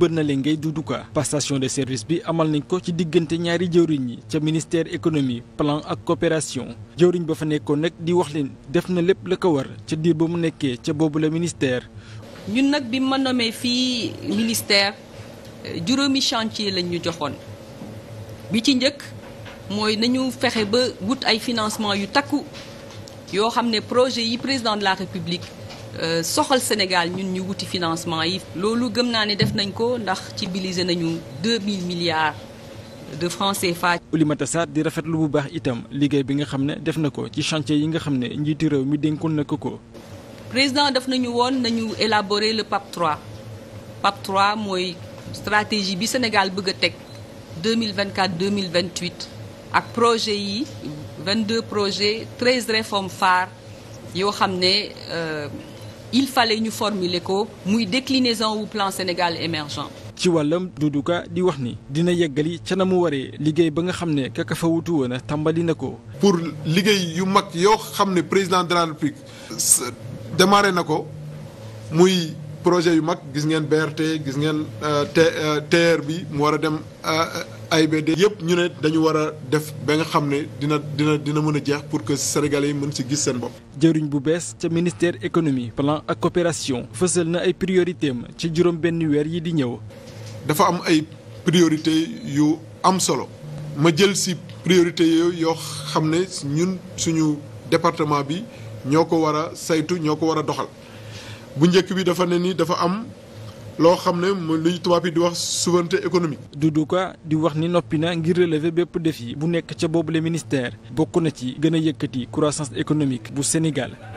na Bërna Lengey Doudou Ka passation de service bi amal nañ ko ci diggante ñaari jëwriñ yi ca ministère économie plan ak coopération jëwriñ ba fa nekkoon nag di wax leen def na lépp la ko war ca diir ba mu nekkee ca boobu la ministère. ñun nag bi ma nommé fii ministère euh, juróomi chantier lañ ñu joxoon bi ci njëkk mooy nañu fexe ba wut ay financement yu takku yoo xam ne projet yi président de la république. Euh, soxal Sénégal ñun ñu wuti financement yi loolu gëm naa ni def nañ ko ndax ci mobiliser nañu 2000 milliards de francs CFA. Oulimata Sarr di rafetlu bu baax itam liggéey bi nga xam ne def na ko ci chantier yi nga xam ne njiitu réew mi dénkoon na ko ko. président daf nañu woon nañu élaborer le PAP 3 PAP 3 mooy stratégie bi Sénégal bëgg a teg 2024 2028 ak projet yi 22 projets 13 réformes phares yoo xam ne. Euh, il fallait ñu formuler ko muy déclinaison wu plan Sénégal émergent ci wàllam Doudou Ka di wax ni dina yeggali ca na mu waree liggéey ba nga xam ne kaka fa wutu woon a tàmbali na ko. pour liggéey yu mag yoo xam ne président de la République démarré na ko muy projet yu mag gis ngeen BRT gis ngeen euh, TER euh, bi mu war a dem. Euh, ay AIBD yëpp ñu ne dañu war a def ba nga xam ne dina dina dina mën a jeex pour que sénégalais yi mën ci gis seen bopp. jëriñ bu bees ca ministère économie plan ak coopération fësal na ay priorité am ci juróom benn weer yi di ñëw. dafa am ay priorité yu am solo ma jël si priorité yooyu yoo xam ne ñun suñu département bi ñoo ko war a saytu ñoo ko war a doxal bu njëkk bi dafa ne ni dafa am. loo xam ne mooy li ñu tubaab yi di wax souveraineté économique. Doudou Ka di wax ni noppi na ngir relever bépp def défi bu nekk ca boobule ministère bokk na ci gën a yëkkati croissance économique bu Sénégal.